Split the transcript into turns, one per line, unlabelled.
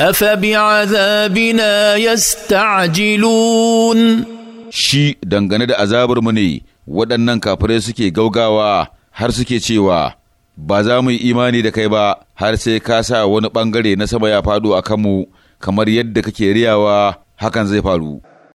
أفبعذابنا يستعجلون
shi dangane da azabarmu ne waɗannan kafirai suke gaugawa har suke cewa ba za mu yi imani da kai ba har sai ka sa wani ɓangare na sama ya faɗo a kanmu kamar yadda kake riyawa hakan zai faru.